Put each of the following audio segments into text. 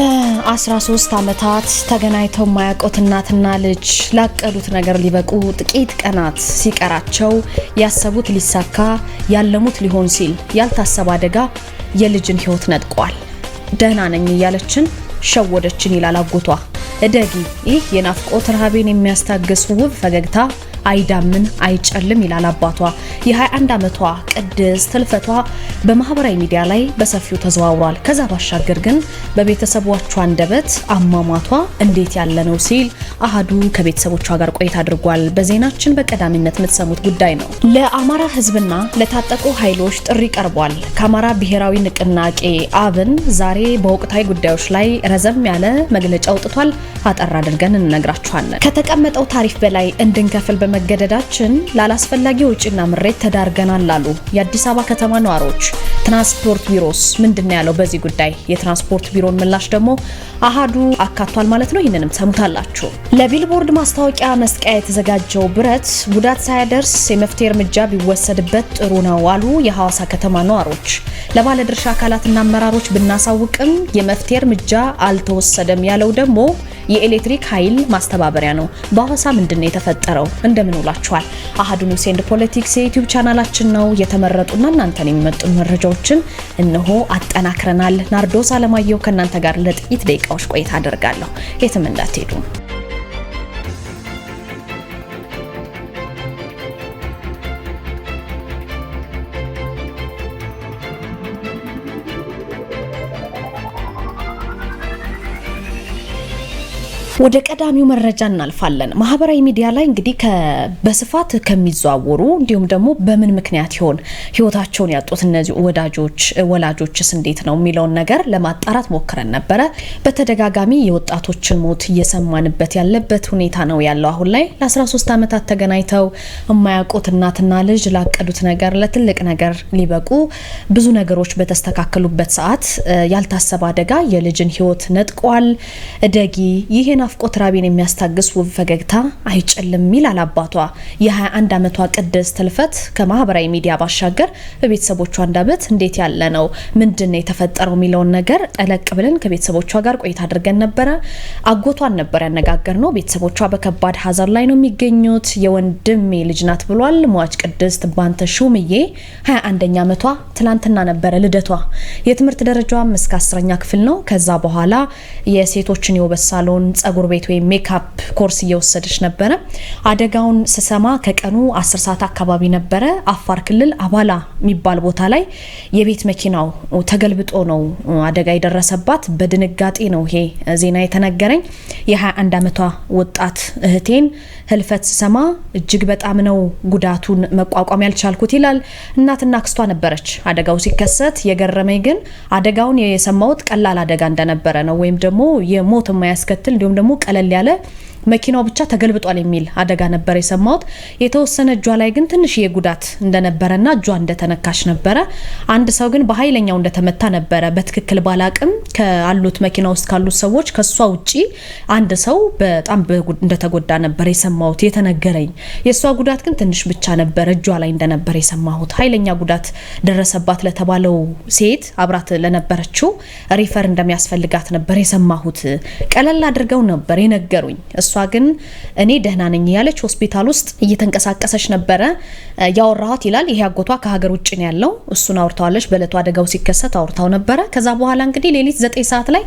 ለ13 ዓመታት ተገናኝተው የማያውቁት እናትና ልጅ ላቀዱት ነገር ሊበቁ ጥቂት ቀናት ሲቀራቸው ያሰቡት ሊሳካ ያለሙት ሊሆን ሲል ያልታሰበ አደጋ የልጅን ሕይወት ነጥቋል። ደህና ነኝ እያለችን ሸወደችን ይላል አጎቷ። እደጊ! ይህ የናፍቆት ረሃቤን የሚያስታግስ ውብ ፈገግታ አይዳምን አይጨልም ይላል አባቷ። የ21 ዓመቷ ቅድስት ህልፈቷ በማህበራዊ ሚዲያ ላይ በሰፊው ተዘዋውሯል። ከዛ ባሻገር ግን በቤተሰቦቿ አንደበት አሟሟቷ እንዴት ያለ ነው ሲል አህዱ ከቤተሰቦቿ ጋር ቆይታ አድርጓል። በዜናችን በቀዳሚነት የምትሰሙት ጉዳይ ነው። ለአማራ ህዝብና ለታጠቁ ኃይሎች ጥሪ ቀርቧል። ከአማራ ብሔራዊ ንቅናቄ አብን ዛሬ በወቅታዊ ጉዳዮች ላይ ረዘም ያለ መግለጫ አውጥቷል። አጠር አድርገን እንነግራችኋለን። ከተቀመጠው ታሪፍ በላይ እንድንከፍል በመገደዳችን ላላስፈላጊ ውጭና ምሬት ተዳርገናል አሉ የአዲስ አበባ ከተማ ነዋሪዎች። ትራንስፖርት ቢሮስ ምንድነው ያለው በዚህ ጉዳይ? የትራንስፖርት ቢሮን ምላሽ ደግሞ አሃዱ አካቷል ማለት ነው። ይህንንም ሰሙታላችሁ። ለቢልቦርድ ማስታወቂያ መስቀያ የተዘጋጀው ብረት ጉዳት ሳያደርስ የመፍትሄ እርምጃ ቢወሰድበት ጥሩ ነው አሉ የሐዋሳ ከተማ ነዋሪዎች። ለባለድርሻ አካላትና አመራሮች ብናሳውቅም የመፍትሄ እርምጃ አልተወሰደም ያለው ደግሞ የኤሌክትሪክ ኃይል ማስተባበሪያ ነው። በሐዋሳ ምንድነው የተፈጠረው? እንደምን ውላችኋል። አሀዱ ኒውስ ኤንድ ፖለቲክስ የዩቲዩብ ቻናላችን ነው። የተመረጡና እናንተን የሚመጡ መረጃዎችን እነሆ አጠናክረናል። ናርዶስ አለማየሁ ከእናንተ ጋር ለጥቂት ደቂቃዎች ቆይታ አደርጋለሁ። የትም እንዳትሄዱ። ወደ ቀዳሚው መረጃ እናልፋለን። ማህበራዊ ሚዲያ ላይ እንግዲህ በስፋት ከሚዘዋወሩ እንዲሁም ደግሞ በምን ምክንያት ይሆን ህይወታቸውን ያጡት እነዚህ ወዳጆች ወላጆችስ እንዴት ነው የሚለውን ነገር ለማጣራት ሞክረን ነበረ። በተደጋጋሚ የወጣቶችን ሞት እየሰማንበት ያለበት ሁኔታ ነው ያለው አሁን ላይ ለ13 ዓመታት ተገናኝተው የማያውቁት እናትና ልጅ ላቀዱት ነገር ለትልቅ ነገር ሊበቁ ብዙ ነገሮች በተስተካከሉበት ሰዓት ያልታሰበ አደጋ የልጅን ህይወት ነጥቋል። እደጊ ይሄን የናፍቆት ራቤን የሚያስታግስ ውብ ፈገግታ አይጨልም ይላል አባቷ። የ21 ዓመቷ ቅድስት ህልፈት ከማህበራዊ ሚዲያ ባሻገር በቤተሰቦቿ አንደበት እንዴት ያለ ነው ምንድን ነው የተፈጠረው የሚለውን ነገር ጠለቅ ብለን ከቤተሰቦቿ ጋር ቆይታ አድርገን ነበረ። አጎቷን ነበር ያነጋገር ነው። ቤተሰቦቿ በከባድ ሀዘን ላይ ነው የሚገኙት። የወንድሜ ልጅ ናት ብሏል። ሟች ቅድስት ባንተ ሹምዬ 21ኛ ዓመቷ ትላንትና ነበረ ልደቷ። የትምህርት ደረጃዋም እስከ አስረኛ ክፍል ነው። ከዛ በኋላ የሴቶችን የውበት ሳሎን ጸጉር ጸጉር ቤት ወይም ሜካፕ ኮርስ እየወሰደች ነበረ። አደጋውን ስሰማ ከቀኑ አስር ሰዓት አካባቢ ነበረ። አፋር ክልል አባላ የሚባል ቦታ ላይ የቤት መኪናው ተገልብጦ ነው አደጋ የደረሰባት። በድንጋጤ ነው ይሄ ዜና የተነገረኝ። የ21 ዓመቷ ወጣት እህቴን ህልፈት ስሰማ እጅግ በጣም ነው ጉዳቱን መቋቋም ያልቻልኩት ይላል። እናትና አክስቷ ነበረች አደጋው ሲከሰት። የገረመኝ ግን አደጋውን የሰማሁት ቀላል አደጋ እንደነበረ ነው ወይም ደግሞ የሞት የማያስከትል እንዲሁም ደግሞ ቀለል ያለ መኪናው ብቻ ተገልብጧል የሚል አደጋ ነበር የሰማሁት። የተወሰነ እጇ ላይ ግን ትንሽ ጉዳት እንደነበረና እጇ እንደተነካሽ ነበረ። አንድ ሰው ግን በኃይለኛው እንደተመታ ነበረ። በትክክል ባላቅም ከአሉት መኪና ውስጥ ካሉት ሰዎች ከሷ ውጪ አንድ ሰው በጣም እንደተጎዳ ነበር የሰማሁት የተነገረኝ። የእሷ ጉዳት ግን ትንሽ ብቻ ነበር እጇ ላይ እንደነበር የሰማሁት። ኃይለኛ ጉዳት ደረሰባት ለተባለው ሴት አብራት ለነበረችው ሪፈር እንደሚያስፈልጋት ነበር የሰማሁት። ቀለል አድርገው ነበር የነገሩኝ። እሷ ግን እኔ ደህና ነኝ እያለች ሆስፒታል ውስጥ እየተንቀሳቀሰች ነበረ ያወራኋት ይላል። ይሄ አጎቷ ከሀገር ውጭ ነው ያለው። እሱን አውርተዋለች። በእለቱ አደጋው ሲከሰት አውርታው ነበረ። ከዛ በኋላ እንግዲህ ሌሊት ዘጠኝ ሰዓት ላይ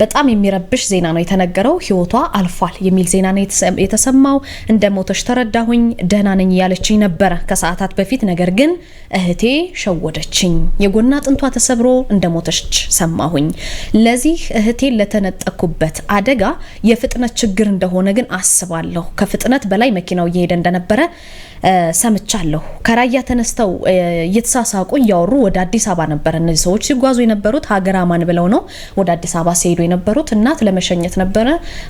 በጣም የሚረብሽ ዜና ነው የተነገረው። ህይወቷ አልፏል የሚል ዜና ነው የተሰማው። እንደ ሞተች ተረዳሁኝ። ደህና ነኝ እያለችኝ ነበረ ከሰዓታት በፊት። ነገር ግን እህቴ ሸወደችኝ። የጎና ጥንቷ ተሰብሮ እንደ ሞተች ሰማሁኝ። ለዚህ እህቴ ለተነጠኩበት አደጋ የፍጥነት ችግር እንደሆነ ግን አስባለሁ። ከፍጥነት በላይ መኪናው እየሄደ እንደነበረ ሰምቻለሁ። ከራያ ተነስተው እየተሳሳቁ እያወሩ ወደ አዲስ አበባ ነበር እነዚህ ሰዎች ሲጓዙ የነበሩት። ሀገር አማን ብለው ነው ወደ አዲስ አበባ ሲሄዱ የነበሩት እናት ለመሸኘት ነበረ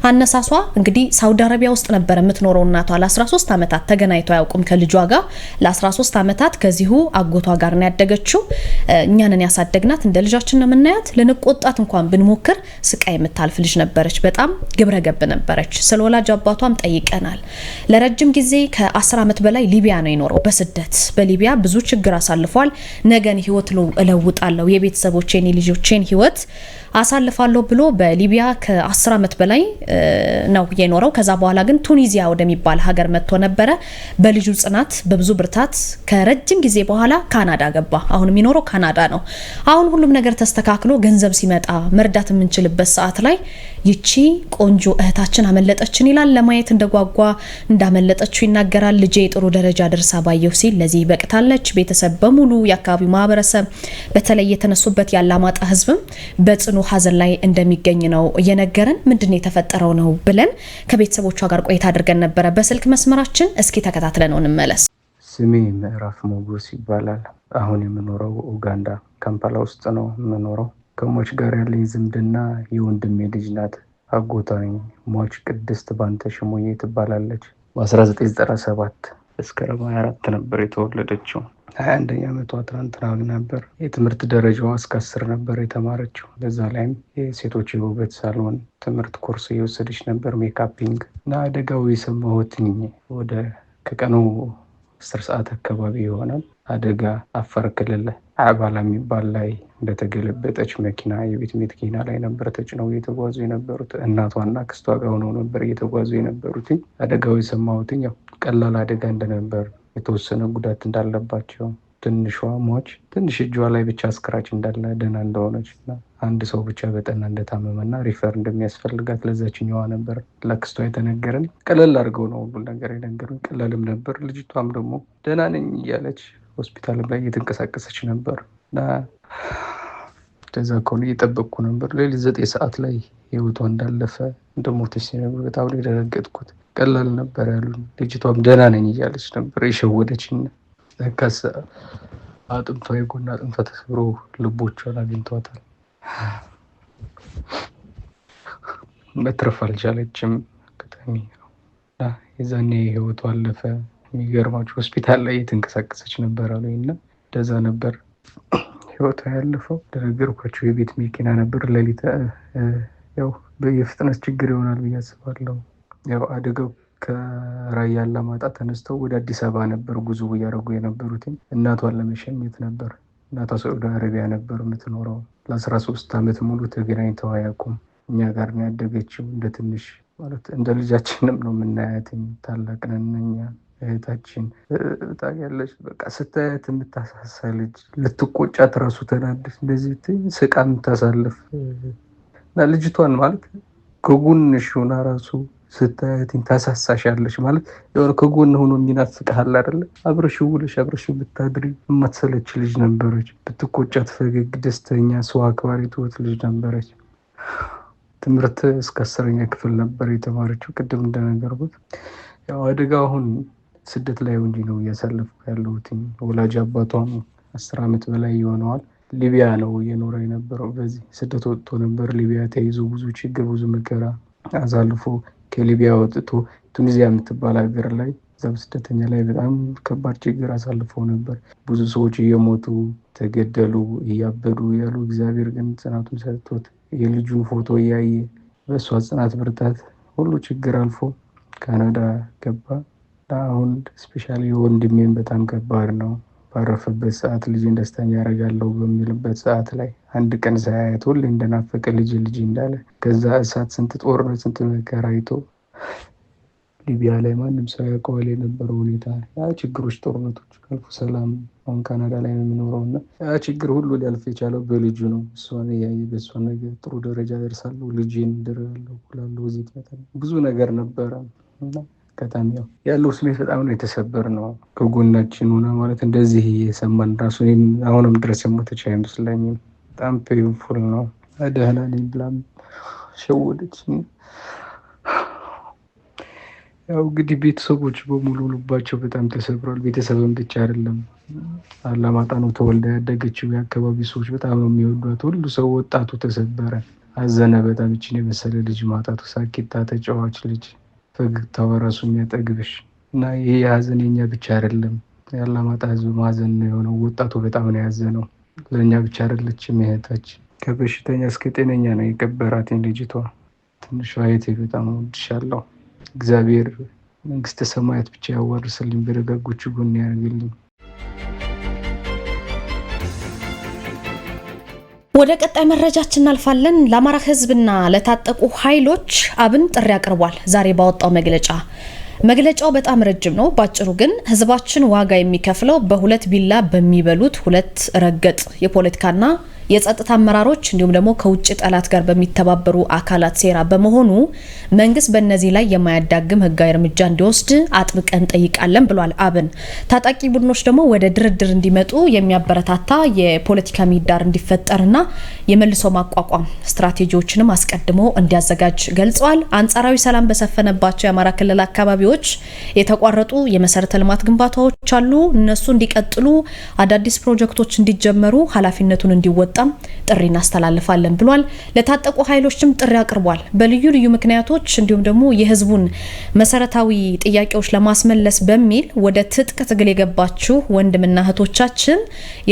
አነሳሷ። እንግዲህ ሳውዲ አረቢያ ውስጥ ነበረ የምትኖረው እናቷ። ለ13 ዓመታት ተገናኝተው አያውቁም ከልጇ ጋር። ለ13 ዓመታት ከዚሁ አጎቷ ጋር ነው ያደገችው። እኛንን ያሳደግናት እንደ ልጃችን ነው የምናያት። ልንቆጣት እንኳን ብንሞክር ስቃይ የምታልፍ ልጅ ነበረች። በጣም ግብረገብ ነበረች። ስለ ወላጅ አባቷም ጠይቀናል። ለረጅም ጊዜ ከ10 ዓመት በላይ ሊቢያ ነው የኖረው በስደት በሊቢያ ብዙ ችግር አሳልፏል። ነገን ህይወት እለውጣለሁ የቤተሰቦቼን የልጆቼን ህይወት አሳል አሳልፋለሁ ብሎ በሊቢያ ከ10 ዓመት በላይ ነው የኖረው። ከዛ በኋላ ግን ቱኒዚያ ወደሚባል ሀገር መጥቶ ነበረ። በልጁ ጽናት፣ በብዙ ብርታት ከረጅም ጊዜ በኋላ ካናዳ ገባ። አሁን የሚኖረው ካናዳ ነው። አሁን ሁሉም ነገር ተስተካክሎ ገንዘብ ሲመጣ መርዳት የምንችልበት ሰዓት ላይ ይቺ ቆንጆ እህታችን አመለጠችን ይላል። ለማየት እንደጓጓ እንዳመለጠችው ይናገራል። ልጄ የጥሩ ደረጃ ደርሳ ባየሁ ሲል ለዚህ በቅታለች። ቤተሰብ በሙሉ የአካባቢው ማህበረሰብ፣ በተለይ የተነሱበት ያላማጣ ህዝብም በጽኑ ሀዘን ላይ እንደሚገኝ ነው እየነገረን። ምንድን የተፈጠረው ነው ብለን ከቤተሰቦቿ ጋር ቆይታ አድርገን ነበረ በስልክ መስመራችን። እስኪ ተከታትለ ነው እንመለስ። ስሜ ምዕራፍ ሞጎስ ይባላል። አሁን የምኖረው ኡጋንዳ ካምፓላ ውስጥ ነው የምኖረው ከሟች ጋር ያለኝ ዝምድና የወንድሜ ልጅ ናት፣ አጎቷ ነኝ። ሟች ቅድስት ባንተ ሽሙዬ ትባላለች። በ1997 መስከረም 24 ነበር የተወለደችው። 21ኛ ዓመቷ ትናንትና ነበር። የትምህርት ደረጃዋ እስከ አስር ነበር የተማረችው። በዛ ላይም የሴቶች የውበት ሳሎን ትምህርት ኮርስ እየወሰደች ነበር፣ ሜካፒንግ እና አደጋው የሰማሁትኝ ወደ ከቀኑ አስር ሰዓት አካባቢ የሆነ አደጋ አፋር ክልል አባላ የሚባል ላይ እንደተገለበጠች መኪና የቤት መኪና ላይ ነበር ተጭነው እየተጓዙ የነበሩት። እናቷና ክስቷ ጋር ሆነው ነበር እየተጓዙ የነበሩት። አደጋው የሰማሁትኝ ያው ቀላል አደጋ እንደነበር የተወሰነ ጉዳት እንዳለባቸው ትንሿ ሟች ትንሽ እጇ ላይ ብቻ ስክራች እንዳለ ደህና እንደሆነች እና አንድ ሰው ብቻ በጠና እንደታመመና ሪፈር እንደሚያስፈልጋት ለዛችኛዋ ነበር ለክስቷ የተነገረን። ቀለል አድርገው ነው ሁሉ ነገር የነገሩን። ቀለልም ነበር። ልጅቷም ደግሞ ደህና ነኝ እያለች ሆስፒታልም ላይ እየተንቀሳቀሰች ነበር እና እንደዛ ከሆነ እየጠበቅኩ ነበር። ሌሊት ዘጠኝ ሰዓት ላይ ህይወቷ እንዳለፈ እንደሞተች ሲነግሩ በጣም ደነገጥኩት። ቀላል ነበር ያሉ። ልጅቷም ደህና ነኝ እያለች ነበር የሸወደችኝ። ለካስ አጥንቷ የጎን አጥንቷ ተሰብሮ ልቦቿን አግኝቷታል። መትረፍ አልቻለችም። ከተሚ የዛኔ ህይወቱ አለፈ። የሚገርማችሁ ሆስፒታል ላይ የተንቀሳቀሰች ነበር አሉ እና እንደዛ ነበር ህይወቷ ያለፈው። እንደነገርኳቸው የቤት መኪና ነበር። ለሊት ያው የፍጥነት ችግር ይሆናል ብዬ አስባለሁ። ያው አደጋው ከራያ አላማጣ ተነስተው ወደ አዲስ አበባ ነበር ጉዞ እያደረጉ የነበሩትኝ። እናቷን ለመሸኘት ነበር። እናቷ ሳዑዲ አረቢያ ነበር የምትኖረው። ለአስራ ሶስት ዓመት ሙሉ ተገናኝተው አያውቁም። እኛ ጋር ነው ያደገችው። እንደ ትንሽ ማለት እንደ ልጃችንም ነው የምናያትኝ። ታላቅ ነን እኛ እህታችን በጣም ያለች በቃ ስታያት የምታሳሳ ልጅ ልትቆጫት ራሱ ተናደፍ እንደዚህ ስቃ የምታሳልፍ እና ልጅቷን ማለት ከጎንሽ ሆና ራሱ ስታያትኝ ታሳሳሽ ያለች ማለት የሆነ ከጎን ሆኖ የሚናፍቅሃል አይደለ? አብረሽ ውለሽ አብረሽ ብታድሪ የማትሰለች ልጅ ነበረች። ብትቆጫት ፈገግ፣ ደስተኛ፣ ሰው አክባሪ ትወት ልጅ ነበረች። ትምህርት እስከ አስረኛ ክፍል ነበር የተማረችው። ቅድም እንደነገርኩት ያው አደጋ አሁን ስደት ላይ እንጂ ነው እያሳለፍኩ ያለሁትኝ። ወላጅ አባቷም አስር ዓመት በላይ ይሆነዋል ሊቢያ ነው እየኖረ የነበረው። በዚህ ስደት ወጥቶ ነበር ሊቢያ ተይዞ ብዙ ችግር ብዙ መከራ አሳልፎ ከሊቢያ ወጥቶ ቱኒዚያ የምትባል ሀገር ላይ እዛ ስደተኛ ላይ በጣም ከባድ ችግር አሳልፈው ነበር። ብዙ ሰዎች እየሞቱ ተገደሉ፣ እያበዱ ያሉ እግዚአብሔር ግን ጽናቱን ሰጥቶት የልጁን ፎቶ እያየ በእሷ ጽናት ብርታት ሁሉ ችግር አልፎ ካናዳ ገባ። አሁን ስፔሻሊ ወንድሜን በጣም ከባድ ነው። ባረፈበት ሰዓት ልጅን ደስተኛ ያደርጋለሁ በሚልበት ሰዓት ላይ አንድ ቀን ሳያየት ሁሌ እንደናፈቀ ልጅ ልጅ እንዳለ ከዛ እሳት ስንት ጦርነት ስንት መከራ አይቶ ሊቢያ ላይ ማንም ሰው ያውቀዋል የነበረው ሁኔታ ያ ችግሮች፣ ጦርነቶች አልፎ ሰላም አሁን ካናዳ ላይ ነው የሚኖረው እና ያ ችግር ሁሉ ሊያልፍ የቻለው በልጁ ነው። እሷን እያየ በእሷ ነገር ጥሩ ደረጃ ደርሳለሁ፣ ልጅን ድርያለሁ፣ ኩላለሁ፣ ብዙ ነገር ነበረ። እና አጋጣሚ ያው ያለው ስሜት በጣም ነው የተሰበር ነው። ከጎናችን ሆነ ማለት እንደዚህ የሰማን ራሱ አሁንም ድረስ የሞተች አይመስለኝም። በጣም ፔንፉል ነው። ደህና ነኝ ብላም ሸወደች። ያው እንግዲህ ቤተሰቦች በሙሉ ልባቸው በጣም ተሰብሯል። ቤተሰብን ብቻ አይደለም አላማጣ ነው ተወልዳ ያደገችው። የአካባቢ ሰዎች በጣም ነው የሚወዷት። ሁሉ ሰው ወጣቱ ተሰበረ፣ አዘነ በጣም ይችን የመሰለ ልጅ ማጣቱ። ሳኪታ ተጫዋች ልጅ ፈገግታው በራሱ የሚያጠግብሽ እና ይሄ የሀዘን የኛ ብቻ አይደለም። የአላማጣ ህዝብ ማዘን ነው የሆነው። ወጣቱ በጣም ነው ያዘ ነው። ለእኛ ብቻ አይደለችም እህታችን። ከበሽተኛ እስከ ጤነኛ ነው የቀበራትን ልጅቷ። ትንሿ እህቴ በጣም እወድሻለሁ። እግዚአብሔር መንግስተ ሰማያት ብቻ ያዋርስልኝ፣ በደጋጎቹ ጎን ያደርግልኝ። ወደ ቀጣይ መረጃችን እናልፋለን። ለአማራ ህዝብና ለታጠቁ ኃይሎች አብን ጥሪ አቅርቧል። ዛሬ ባወጣው መግለጫ መግለጫው በጣም ረጅም ነው። ባጭሩ ግን ህዝባችን ዋጋ የሚከፍለው በሁለት ቢላ በሚበሉት ሁለት ረገጥ የፖለቲካና የጸጥታ አመራሮች እንዲሁም ደግሞ ከውጭ ጠላት ጋር በሚተባበሩ አካላት ሴራ በመሆኑ መንግስት በእነዚህ ላይ የማያዳግም ህጋዊ እርምጃ እንዲወስድ አጥብቀን ጠይቃለን ብሏል አብን። ታጣቂ ቡድኖች ደግሞ ወደ ድርድር እንዲመጡ የሚያበረታታ የፖለቲካ ምህዳር እንዲፈጠርና የመልሶ ማቋቋም ስትራቴጂዎችንም አስቀድሞ እንዲያዘጋጅ ገልጸዋል። አንጻራዊ ሰላም በሰፈነባቸው የአማራ ክልል አካባቢ አካባቢዎች የተቋረጡ የመሰረተ ልማት ግንባታዎች አሉ። እነሱ እንዲቀጥሉ፣ አዳዲስ ፕሮጀክቶች እንዲጀመሩ ኃላፊነቱን እንዲወጣም ጥሪ እናስተላልፋለን ብሏል። ለታጠቁ ኃይሎችም ጥሪ አቅርቧል። በልዩ ልዩ ምክንያቶች እንዲሁም ደግሞ የህዝቡን መሰረታዊ ጥያቄዎች ለማስመለስ በሚል ወደ ትጥቅ ትግል የገባችሁ ወንድምና እህቶቻችን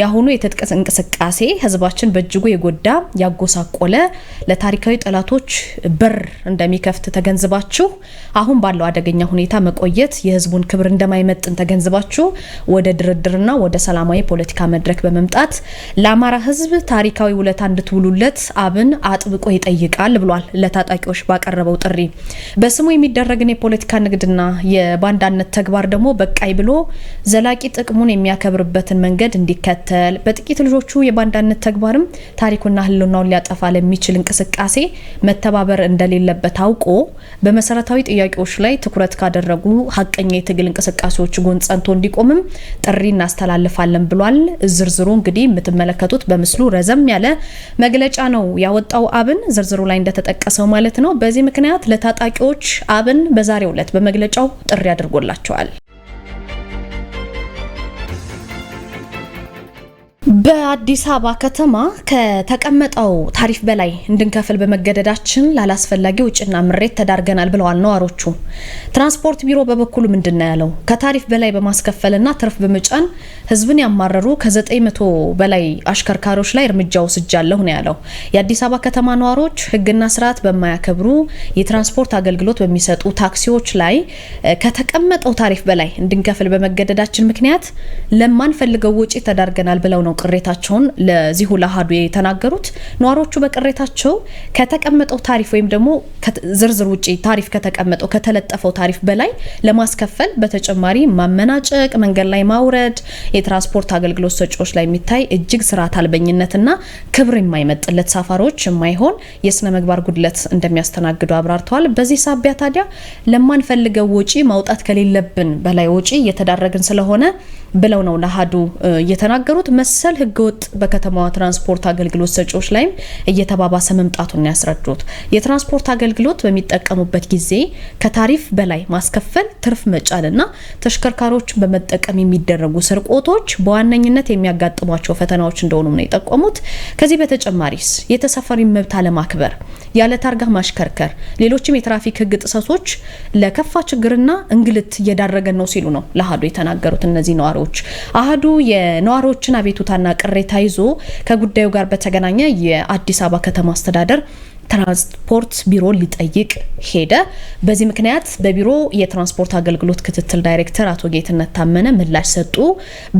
የአሁኑ የትጥቅ እንቅስቃሴ ህዝባችን በእጅጉ የጎዳ ያጎሳቆለ፣ ለታሪካዊ ጠላቶች በር እንደሚከፍት ተገንዝባችሁ አሁን ባለው አደገኛ ሁኔታ ሁኔታ መቆየት የህዝቡን ክብር እንደማይመጥን ተገንዝባችሁ ወደ ድርድርና ወደ ሰላማዊ ፖለቲካ መድረክ በመምጣት ለአማራ ህዝብ ታሪካዊ ውለታ እንድትውሉለት አብን አጥብቆ ይጠይቃል ብሏል። ለታጣቂዎች ባቀረበው ጥሪ በስሙ የሚደረግን የፖለቲካ ንግድና የባንዳነት ተግባር ደግሞ በቃይ ብሎ ዘላቂ ጥቅሙን የሚያከብርበትን መንገድ እንዲከተል በጥቂት ልጆቹ የባንዳነት ተግባርም ታሪኩና ህልናውን ሊያጠፋ ለሚችል እንቅስቃሴ መተባበር እንደሌለበት አውቆ በመሰረታዊ ጥያቄዎች ላይ ትኩረት ካደ ካደረጉ ሀቀኛ የትግል እንቅስቃሴዎች ጎን ጸንቶ እንዲቆምም ጥሪ እናስተላልፋለን ብሏል። ዝርዝሩ እንግዲህ የምትመለከቱት በምስሉ ረዘም ያለ መግለጫ ነው ያወጣው አብን ዝርዝሩ ላይ እንደተጠቀሰው ማለት ነው። በዚህ ምክንያት ለታጣቂዎች አብን በዛሬው ዕለት በመግለጫው ጥሪ አድርጎላቸዋል። በአዲስ አበባ ከተማ ከተቀመጠው ታሪፍ በላይ እንድንከፍል በመገደዳችን ላላስፈላጊ ውጭና ምሬት ተዳርገናል ብለዋል ነዋሪዎቹ። ትራንስፖርት ቢሮ በበኩሉ ምንድን ነው ያለው? ከታሪፍ በላይ በማስከፈልና ትርፍ በመጫን ህዝብን ያማረሩ ከ900 በላይ አሽከርካሪዎች ላይ እርምጃ ወስጃለሁ ነው ያለው። የአዲስ አበባ ከተማ ነዋሪዎች ህግና ስርዓት በማያከብሩ የትራንስፖርት አገልግሎት በሚሰጡ ታክሲዎች ላይ ከተቀመጠው ታሪፍ በላይ እንድንከፍል በመገደዳችን ምክንያት ለማንፈልገው ውጪ ተዳርገናል ብለው ነው ቅሬታቸውን ለዚሁ ለአሀዱ የተናገሩት። ነዋሪዎቹ በቅሬታቸው ከተቀመጠው ታሪፍ ወይም ደግሞ ዝርዝር ውጪ ታሪፍ ከተቀመጠው ከተለጠፈው ታሪፍ በላይ ለማስከፈል በተጨማሪ ማመናጨቅ፣ መንገድ ላይ ማውረድ፣ የትራንስፖርት አገልግሎት ሰጪዎች ላይ የሚታይ እጅግ ስርዓት አልበኝነትና ክብር የማይመጥለት ሳፋሪዎች የማይሆን የስነ ምግባር ጉድለት እንደሚያስተናግዱ አብራርተዋል። በዚህ ሳቢያ ታዲያ ለማንፈልገው ወጪ ማውጣት ከሌለብን በላይ ወጪ እየተዳረግን ስለሆነ ብለው ነው ለአሀዱ እየተናገሩት መሰል ህገወጥ በከተማዋ ትራንስፖርት አገልግሎት ሰጪዎች ላይም እየተባባሰ መምጣቱን ያስረዱት የትራንስፖርት አገልግሎት በሚጠቀሙበት ጊዜ ከታሪፍ በላይ ማስከፈል፣ ትርፍ መጫልና ተሽከርካሪዎች በመጠቀም የሚደረጉ ስርቆቶች በዋነኝነት የሚያጋጥሟቸው ፈተናዎች እንደሆኑ ነው የጠቆሙት። ከዚህ በተጨማሪስ የተሳፋሪ መብት አለማክበር፣ ያለ ታርጋ ማሽከርከር፣ ሌሎችም የትራፊክ ህግ ጥሰቶች ለከፋ ችግርና እንግልት እየዳረገን ነው ሲሉ ነው ለአሀዱ የተናገሩት እነዚህ ነዋሪዎች ነዋሪዎች። አህዱ የነዋሪዎችን አቤቱታና ቅሬታ ይዞ ከጉዳዩ ጋር በተገናኘ የአዲስ አበባ ከተማ አስተዳደር ትራንስፖርት ቢሮ ሊጠይቅ ሄደ። በዚህ ምክንያት በቢሮ የትራንስፖርት አገልግሎት ክትትል ዳይሬክተር አቶ ጌትነት ታመነ ምላሽ ሰጡ።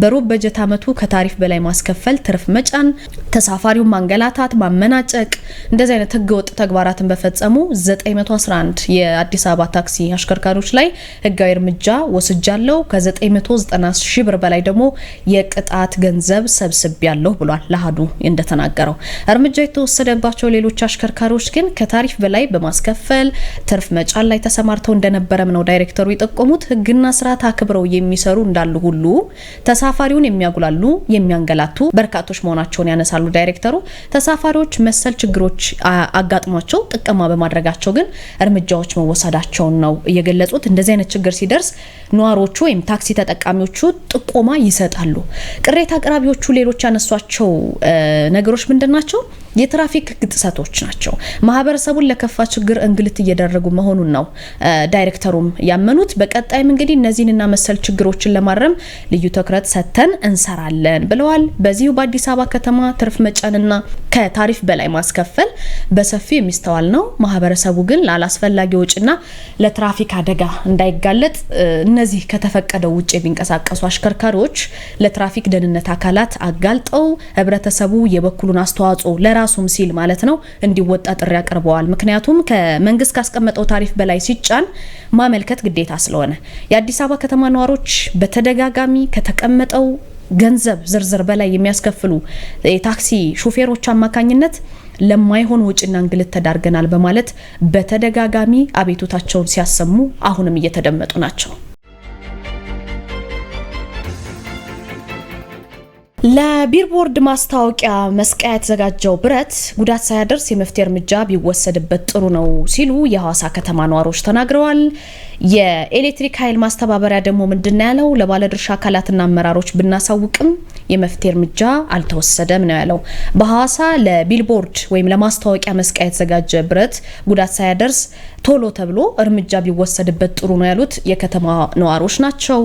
በሩብ በጀት ዓመቱ ከታሪፍ በላይ ማስከፈል፣ ትርፍ መጫን፣ ተሳፋሪውን ማንገላታት፣ ማመናጨቅ እንደዚህ አይነት ህገወጥ ተግባራትን በፈጸሙ 911 የአዲስ አበባ ታክሲ አሽከርካሪዎች ላይ ህጋዊ እርምጃ ወስጃለሁ፣ ከ990 ሺ ብር በላይ ደግሞ የቅጣት ገንዘብ ሰብስቤያለሁ ብሏል። ለአሀዱ እንደተናገረው እርምጃ የተወሰደባቸው ሌሎች አሽከርካሪዎች አመራሮች ግን ከታሪፍ በላይ በማስከፈል ትርፍ መጫን ላይ ተሰማርተው እንደነበረም ነው ዳይሬክተሩ የጠቆሙት። ህግና ስርዓት አክብረው የሚሰሩ እንዳሉ ሁሉ ተሳፋሪውን የሚያጉላሉ፣ የሚያንገላቱ በርካቶች መሆናቸውን ያነሳሉ ዳይሬክተሩ። ተሳፋሪዎች መሰል ችግሮች አጋጥሟቸው ጥቅማ በማድረጋቸው ግን እርምጃዎች መወሰዳቸውን ነው እየገለጹት። እንደዚህ አይነት ችግር ሲደርስ ነዋሪዎቹ ወይም ታክሲ ተጠቃሚዎቹ ጥቆማ ይሰጣሉ። ቅሬታ አቅራቢዎቹ ሌሎች ያነሷቸው ነገሮች ምንድን ናቸው? የትራፊክ ግጥሰቶች ናቸው። ማህበረሰቡን ለከፋ ችግር እንግልት እየደረጉ መሆኑን ነው ዳይሬክተሩም ያመኑት። በቀጣይም እንግዲህ እነዚህንና መሰል ችግሮችን ለማረም ልዩ ትኩረት ሰጥተን እንሰራለን ብለዋል። በዚሁ በአዲስ አበባ ከተማ ትርፍ መጫንና ከታሪፍ በላይ ማስከፈል በሰፊው የሚስተዋል ነው። ማህበረሰቡ ግን ላላስፈላጊ ወጪና ለትራፊክ አደጋ እንዳይጋለጥ እነዚህ ከተፈቀደው ውጭ የሚንቀሳቀሱ አሽከርካሪዎች ለትራፊክ ደህንነት አካላት አጋልጠው ህብረተሰቡ የበኩሉን አስተዋጽኦ ለራ ራሱም ሲል ማለት ነው እንዲወጣ ጥሪ አቅርበዋል። ምክንያቱም ከመንግስት ካስቀመጠው ታሪፍ በላይ ሲጫን ማመልከት ግዴታ ስለሆነ የአዲስ አበባ ከተማ ነዋሪዎች በተደጋጋሚ ከተቀመጠው ገንዘብ ዝርዝር በላይ የሚያስከፍሉ የታክሲ ሹፌሮች አማካኝነት ለማይሆን ወጪና እንግልት ተዳርገናል በማለት በተደጋጋሚ አቤቱታቸውን ሲያሰሙ አሁንም እየተደመጡ ናቸው። ለቢልቦርድ ማስታወቂያ መስቀያ የተዘጋጀው ብረት ጉዳት ሳያደርስ የመፍትሄ እርምጃ ቢወሰድበት ጥሩ ነው ሲሉ የሐዋሳ ከተማ ነዋሪዎች ተናግረዋል። የኤሌክትሪክ ኃይል ማስተባበሪያ ደግሞ ምንድን ያለው ለባለድርሻ አካላትና አመራሮች ብናሳውቅም የመፍትሄ እርምጃ አልተወሰደም ነው ያለው። በሐዋሳ ለቢልቦርድ ወይም ለማስታወቂያ መስቀያ የተዘጋጀ ብረት ጉዳት ሳያደርስ ቶሎ ተብሎ እርምጃ ቢወሰድበት ጥሩ ነው ያሉት የከተማ ነዋሪዎች ናቸው።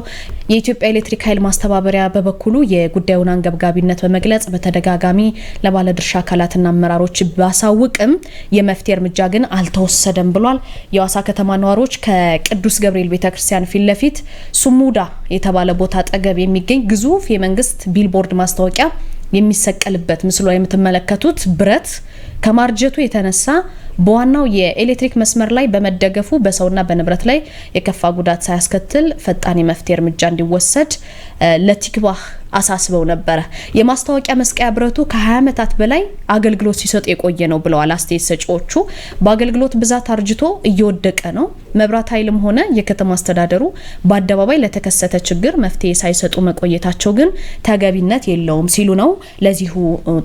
የኢትዮጵያ ኤሌክትሪክ ኃይል ማስተባበሪያ በበኩሉ የጉዳዩን አንገብጋቢነት በመግለጽ በተደጋጋሚ ለባለድርሻ አካላትና አመራሮች ባሳውቅም የመፍትሄ እርምጃ ግን አልተወሰደም ብሏል። የሐዋሳ ከተማ ነዋሪዎች ከቅድ ቅዱስ ገብርኤል ቤተክርስቲያን ፊት ለፊት ሱሙዳ የተባለ ቦታ አጠገብ የሚገኝ ግዙፍ የመንግስት ቢልቦርድ ማስታወቂያ የሚሰቀልበት ምስሉ ላይ የምትመለከቱት ብረት ከማርጀቱ የተነሳ በዋናው የኤሌክትሪክ መስመር ላይ በመደገፉ በሰውና በንብረት ላይ የከፋ ጉዳት ሳያስከትል ፈጣን የመፍትሄ እርምጃ እንዲወሰድ ለቲክባህ አሳስበው ነበረ። የማስታወቂያ መስቀያ ብረቱ ከ20 ዓመታት በላይ አገልግሎት ሲሰጥ የቆየ ነው ብለዋል አስተያየት ሰጪዎቹ። በአገልግሎት ብዛት አርጅቶ እየወደቀ ነው። መብራት ኃይልም ሆነ የከተማ አስተዳደሩ በአደባባይ ለተከሰተ ችግር መፍትሄ ሳይሰጡ መቆየታቸው ግን ተገቢነት የለውም ሲሉ ነው ለዚሁ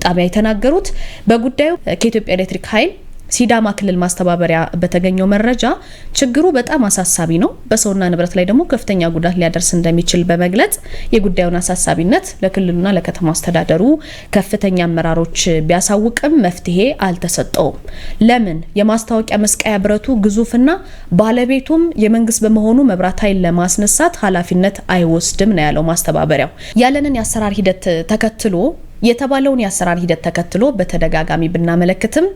ጣቢያ የተናገሩት። በጉዳዩ ከኢትዮጵያ ኤሌክትሪክ ኃይል ሲዳማ ክልል ማስተባበሪያ በተገኘው መረጃ ችግሩ በጣም አሳሳቢ ነው፣ በሰውና ንብረት ላይ ደግሞ ከፍተኛ ጉዳት ሊያደርስ እንደሚችል በመግለጽ የጉዳዩን አሳሳቢነት ለክልሉና ለከተማ አስተዳደሩ ከፍተኛ አመራሮች ቢያሳውቅም መፍትሄ አልተሰጠውም። ለምን? የማስታወቂያ መስቀያ ብረቱ ግዙፍና ባለቤቱም የመንግስት በመሆኑ መብራት ኃይል ለማስነሳት ኃላፊነት አይወስድም ነው ያለው ማስተባበሪያው። ያለንን የአሰራር ሂደት ተከትሎ የተባለውን የአሰራር ሂደት ተከትሎ በተደጋጋሚ ብናመለክትም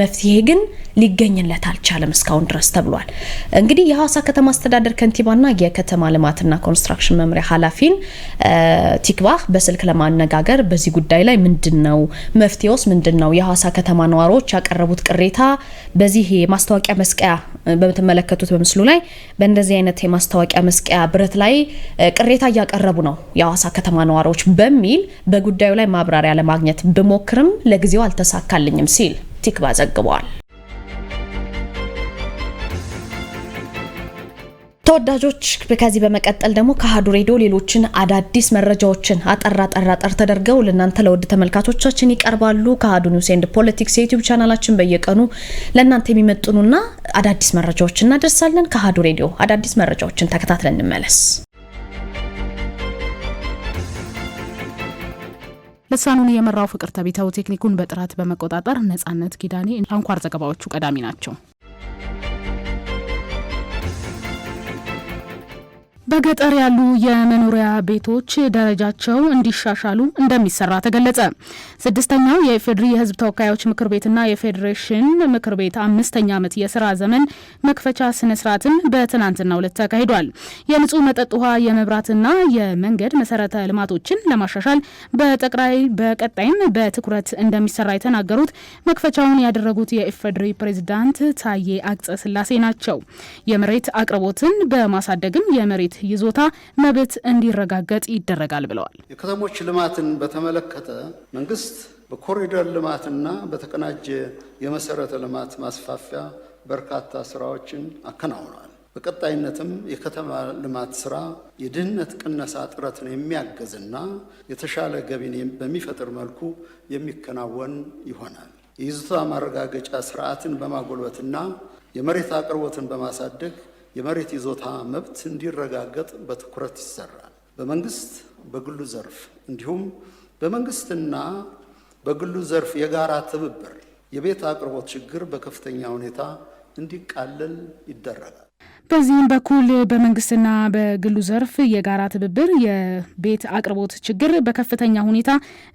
መፍትሄ ግን ሊገኝለት አልቻለም እስካሁን ድረስ ተብሏል። እንግዲህ የሐዋሳ ከተማ አስተዳደር ከንቲባና የከተማ ልማትና ኮንስትራክሽን መምሪያ ኃላፊን ቲክባህ በስልክ ለማነጋገር በዚህ ጉዳይ ላይ ምንድን ነው መፍትሄውስ ምንድን ነው? የሐዋሳ ከተማ ነዋሪዎች ያቀረቡት ቅሬታ በዚህ የማስታወቂያ መስቀያ በምትመለከቱት በምስሉ ላይ በእንደዚህ አይነት የማስታወቂያ መስቀያ ብረት ላይ ቅሬታ እያቀረቡ ነው የሐዋሳ ከተማ ነዋሪዎች በሚል በጉዳዩ ላይ ማብራሪያ ለማግኘት ብሞክርም ለጊዜው አልተሳካልኝም ሲል ቲክቫ ዘግቧል። ተወዳጆች ከዚህ በመቀጠል ደግሞ ከአሀዱ ሬዲዮ ሌሎችን አዳዲስ መረጃዎችን አጠር ጠራ ጠር ተደርገው ለእናንተ ለውድ ተመልካቾቻችን ይቀርባሉ። ከአሀዱ ኒውስ ኤንድ ፖለቲክስ የዩቲዩብ ቻናላችን በየቀኑ ለእናንተ የሚመጡኑና አዳዲስ መረጃዎች እናደርሳለን። ከአሀዱ ሬዲዮ አዳዲስ መረጃዎችን ተከታትለን እንመለስ። ልሳኑን የመራው ፍቅር ተቢተው ቴክኒኩን በጥራት በመቆጣጠር ነጻነት ኪዳኔ። አንኳር ዘገባዎቹ ቀዳሚ ናቸው። በገጠር ያሉ የመኖሪያ ቤቶች ደረጃቸው እንዲሻሻሉ እንደሚሰራ ተገለጸ። ስድስተኛው የኢፌዴሪ የህዝብ ተወካዮች ምክር ቤትና የፌዴሬሽን ምክር ቤት አምስተኛ ዓመት የስራ ዘመን መክፈቻ ስነ ስርዓትም በትናንትናው ዕለት ተካሂዷል። የንጹህ መጠጥ ውሃ፣ የመብራትና የመንገድ መሰረተ ልማቶችን ለማሻሻል በጠቅላይ በቀጣይም በትኩረት እንደሚሰራ የተናገሩት መክፈቻውን ያደረጉት የኢፌዴሪ ፕሬዚዳንት ታዬ አጽቀ ሥላሴ ናቸው። የመሬት አቅርቦትን በማሳደግም የመሬት ይዞታ መብት እንዲረጋገጥ ይደረጋል ብለዋል። የከተሞች ልማትን በተመለከተ መንግስት በኮሪደር ልማትና በተቀናጀ የመሰረተ ልማት ማስፋፊያ በርካታ ስራዎችን አከናውኗል። በቀጣይነትም የከተማ ልማት ስራ የድህነት ቅነሳ ጥረትን የሚያገዝና የተሻለ ገቢን በሚፈጥር መልኩ የሚከናወን ይሆናል። የይዞታ ማረጋገጫ ስርዓትን በማጎልበትና የመሬት አቅርቦትን በማሳደግ የመሬት ይዞታ መብት እንዲረጋገጥ በትኩረት ይሰራል። በመንግስት በግሉ ዘርፍ እንዲሁም በመንግስትና በግሉ ዘርፍ የጋራ ትብብር የቤት አቅርቦት ችግር በከፍተኛ ሁኔታ እንዲቃለል ይደረጋል። በዚህም በኩል በመንግስትና በግሉ ዘርፍ የጋራ ትብብር የቤት አቅርቦት ችግር በከፍተኛ ሁኔታ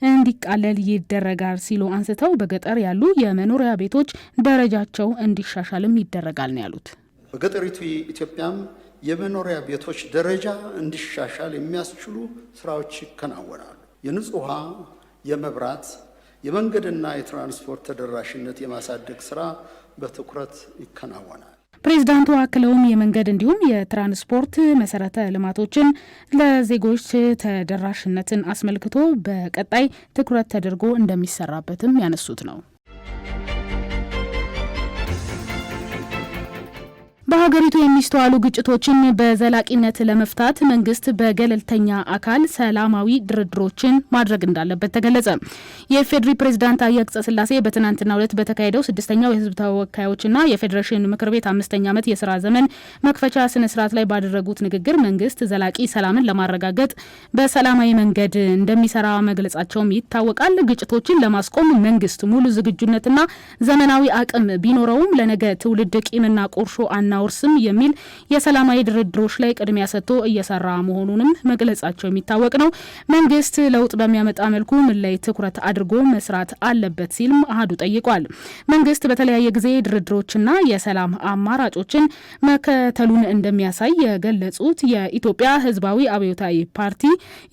እንዲቃለል ይደረጋል ሲሉ አንስተው በገጠር ያሉ የመኖሪያ ቤቶች ደረጃቸው እንዲሻሻልም ይደረጋል ነው ያሉት። በገጠሪቱ ኢትዮጵያም የመኖሪያ ቤቶች ደረጃ እንዲሻሻል የሚያስችሉ ስራዎች ይከናወናሉ። የንጹህ ውሃ፣ የመብራት፣ የመንገድና የትራንስፖርት ተደራሽነት የማሳደግ ስራ በትኩረት ይከናወናል። ፕሬዚዳንቱ አክለውም የመንገድ እንዲሁም የትራንስፖርት መሰረተ ልማቶችን ለዜጎች ተደራሽነትን አስመልክቶ በቀጣይ ትኩረት ተደርጎ እንደሚሰራበትም ያነሱት ነው። በሀገሪቱ የሚስተዋሉ ግጭቶችን በዘላቂነት ለመፍታት መንግስት በገለልተኛ አካል ሰላማዊ ድርድሮችን ማድረግ እንዳለበት ተገለጸ። የኢፌዴሪ ፕሬዚዳንት አያቅጸ ስላሴ በትናንትናው ዕለት በተካሄደው ስድስተኛው የህዝብ ተወካዮችና የፌዴሬሽን ምክር ቤት አምስተኛ ዓመት የስራ ዘመን መክፈቻ ስነ ስርዓት ላይ ባደረጉት ንግግር መንግስት ዘላቂ ሰላምን ለማረጋገጥ በሰላማዊ መንገድ እንደሚሰራ መግለጻቸውም ይታወቃል። ግጭቶችን ለማስቆም መንግስት ሙሉ ዝግጁነትና ዘመናዊ አቅም ቢኖረውም ለነገ ትውልድ ቂምና ቁርሾ አናው ስም የሚል የሰላማዊ ድርድሮች ላይ ቅድሚያ ሰጥቶ እየሰራ መሆኑንም መግለጻቸው የሚታወቅ ነው። መንግስት ለውጥ በሚያመጣ መልኩ ምን ላይ ትኩረት አድርጎ መስራት አለበት ሲልም አህዱ ጠይቋል። መንግስት በተለያየ ጊዜ ድርድሮችና የሰላም አማራጮችን መከተሉን እንደሚያሳይ የገለጹት የኢትዮጵያ ህዝባዊ አብዮታዊ ፓርቲ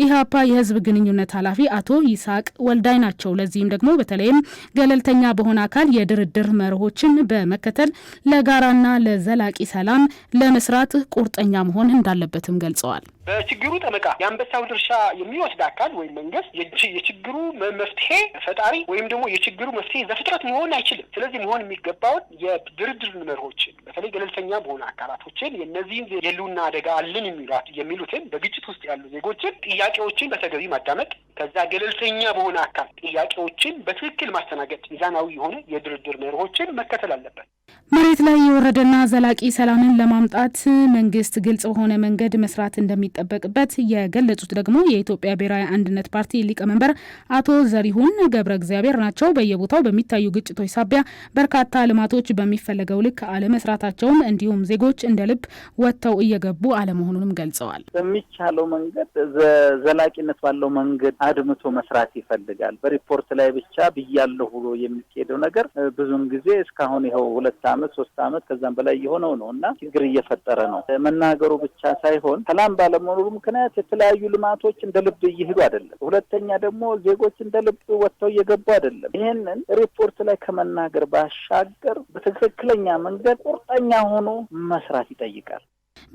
ኢህአፓ የህዝብ ግንኙነት ኃላፊ አቶ ይስሐቅ ወልዳይ ናቸው። ለዚህም ደግሞ በተለይም ገለልተኛ በሆነ አካል የድርድር መርሆችን በመከተል ለጋራና ለዘላ ዘላቂ ሰላም ለመስራት ቁርጠኛ መሆን እንዳለበትም ገልጸዋል። በችግሩ ጠበቃ የአንበሳው ድርሻ የሚወስድ አካል ወይም መንግስት የችግሩ መፍትሄ ፈጣሪ ወይም ደግሞ የችግሩ መፍትሄ ዘፍጥረት መሆን አይችልም። ስለዚህ መሆን የሚገባውን የድርድር መርሆችን በተለይ ገለልተኛ በሆነ አካላቶችን የእነዚህን የህልውና አደጋ አለን የሚሉትን በግጭት ውስጥ ያሉ ዜጎችን ጥያቄዎችን በተገቢ ማዳመጥ፣ ከዛ ገለልተኛ በሆነ አካል ጥያቄዎችን በትክክል ማስተናገድ፣ ሚዛናዊ የሆነ የድርድር መርሆችን መከተል አለበት። መሬት ላይ የወረደና ዘላቂ ሰላምን ለማምጣት መንግስት ግልጽ በሆነ መንገድ መስራት እንደሚ እንደሚጠበቅበት የገለጹት ደግሞ የኢትዮጵያ ብሔራዊ አንድነት ፓርቲ ሊቀመንበር አቶ ዘሪሁን ገብረ እግዚአብሔር ናቸው። በየቦታው በሚታዩ ግጭቶች ሳቢያ በርካታ ልማቶች በሚፈለገው ልክ አለመስራታቸውን እንዲሁም ዜጎች እንደ ልብ ወጥተው እየገቡ አለመሆኑንም ገልጸዋል። በሚቻለው መንገድ ዘላቂነት ባለው መንገድ አድምቶ መስራት ይፈልጋል። በሪፖርት ላይ ብቻ ብያለሁ ብሎ የሚካሄደው ነገር ብዙውን ጊዜ እስካሁን ይኸው ሁለት ዓመት ሶስት ዓመት ከዛም በላይ የሆነው ነው እና ችግር እየፈጠረ ነው። መናገሩ ብቻ ሳይሆን ሰላም ባለ ባለመኖሩ ምክንያት የተለያዩ ልማቶች እንደ ልብ እየሄዱ አይደለም። ሁለተኛ ደግሞ ዜጎች እንደ ልብ ወጥተው እየገቡ አይደለም። ይህንን ሪፖርት ላይ ከመናገር ባሻገር በትክክለኛ መንገድ ቁርጠኛ ሆኖ መስራት ይጠይቃል።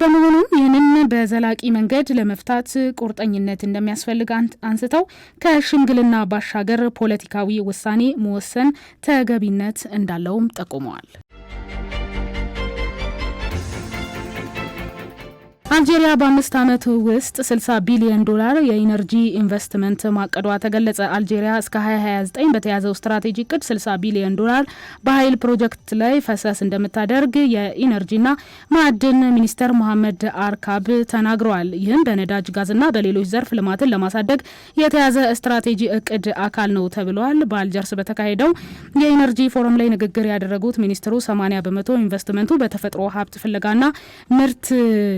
በመሆኑም ይህንን በዘላቂ መንገድ ለመፍታት ቁርጠኝነት እንደሚያስፈልግ አንስተው ከሽምግልና ባሻገር ፖለቲካዊ ውሳኔ መወሰን ተገቢነት እንዳለውም ጠቁመዋል። አልጄሪያ በአምስት ዓመት ውስጥ 60 ቢሊዮን ዶላር የኢነርጂ ኢንቨስትመንት ማቀዷ ተገለጸ። አልጄሪያ እስከ 2029 በተያዘው ስትራቴጂ ቅድ 60 ቢሊዮን ዶላር በኃይል ፕሮጀክት ላይ ፈሰስ እንደምታደርግ የኢነርጂና ማዕድን ሚኒስተር መሐመድ አርካብ ተናግረዋል። ይህም በነዳጅ ጋዝና በሌሎች ዘርፍ ልማትን ለማሳደግ የተያዘ ስትራቴጂ እቅድ አካል ነው ተብሏል። በአልጀርስ በተካሄደው የኢነርጂ ፎረም ላይ ንግግር ያደረጉት ሚኒስትሩ 80 በመቶ ኢንቨስትመንቱ በተፈጥሮ ሀብት ፍለጋና ምርት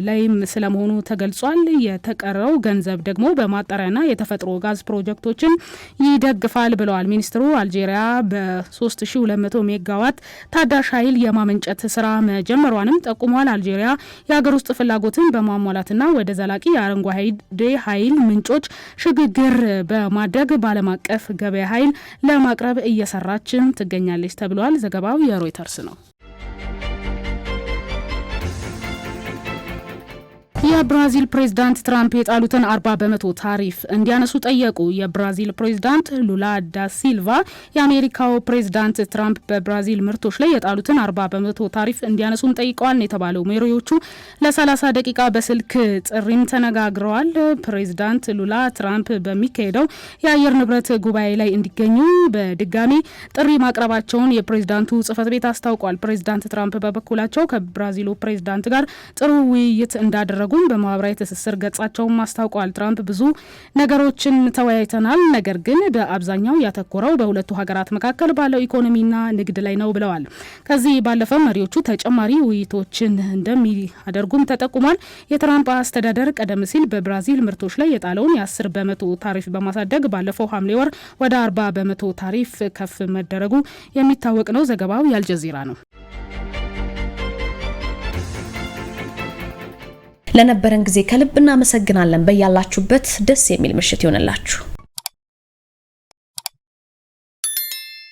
ላይ ስለመሆኑ ተገልጿል። የተቀረው ገንዘብ ደግሞ በማጣሪያና የተፈጥሮ ጋዝ ፕሮጀክቶችን ይደግፋል ብለዋል ሚኒስትሩ። አልጄሪያ በ3200 ሜጋዋት ታዳሽ ኃይል የማመንጨት ስራ መጀመሯንም ጠቁሟል። አልጄሪያ የሀገር ውስጥ ፍላጎትን በማሟላትና ወደ ዘላቂ የአረንጓዴ ኃይል ምንጮች ሽግግር በማድረግ በዓለም አቀፍ ገበያ ኃይል ለማቅረብ እየሰራች ትገኛለች ተብሏል። ዘገባው የሮይተርስ ነው። የብራዚል ፕሬዝዳንት ትራምፕ የጣሉትን አርባ በመቶ ታሪፍ እንዲያነሱ ጠየቁ። የብራዚል ፕሬዝዳንት ሉላ ዳ ሲልቫ የአሜሪካው ፕሬዝዳንት ትራምፕ በብራዚል ምርቶች ላይ የጣሉትን አርባ በመቶ ታሪፍ እንዲያነሱም ጠይቀዋል የተባለው መሪዎቹ ለሰላሳ ደቂቃ በስልክ ጥሪም ተነጋግረዋል። ፕሬዝዳንት ሉላ ትራምፕ በሚካሄደው የአየር ንብረት ጉባኤ ላይ እንዲገኙ በድጋሚ ጥሪ ማቅረባቸውን የፕሬዝዳንቱ ጽህፈት ቤት አስታውቋል። ፕሬዝዳንት ትራምፕ በበኩላቸው ከብራዚሉ ፕሬዝዳንት ጋር ጥሩ ውይይት እንዳደረጉ ማድረጉን በማህበራዊ ትስስር ገጻቸውን ማስታውቀዋል። ትራምፕ ብዙ ነገሮችን ተወያይተናል፣ ነገር ግን በአብዛኛው ያተኮረው በሁለቱ ሀገራት መካከል ባለው ኢኮኖሚና ንግድ ላይ ነው ብለዋል። ከዚህ ባለፈ መሪዎቹ ተጨማሪ ውይይቶችን እንደሚያደርጉም ተጠቁሟል። የትራምፕ አስተዳደር ቀደም ሲል በብራዚል ምርቶች ላይ የጣለውን የአስር በመቶ ታሪፍ በማሳደግ ባለፈው ሐምሌ ወር ወደ አርባ በመቶ ታሪፍ ከፍ መደረጉ የሚታወቅ ነው። ዘገባው የአልጀዚራ ነው። ለነበረን ጊዜ ከልብ እናመሰግናለን። በያላችሁበት ደስ የሚል ምሽት ይሆንላችሁ።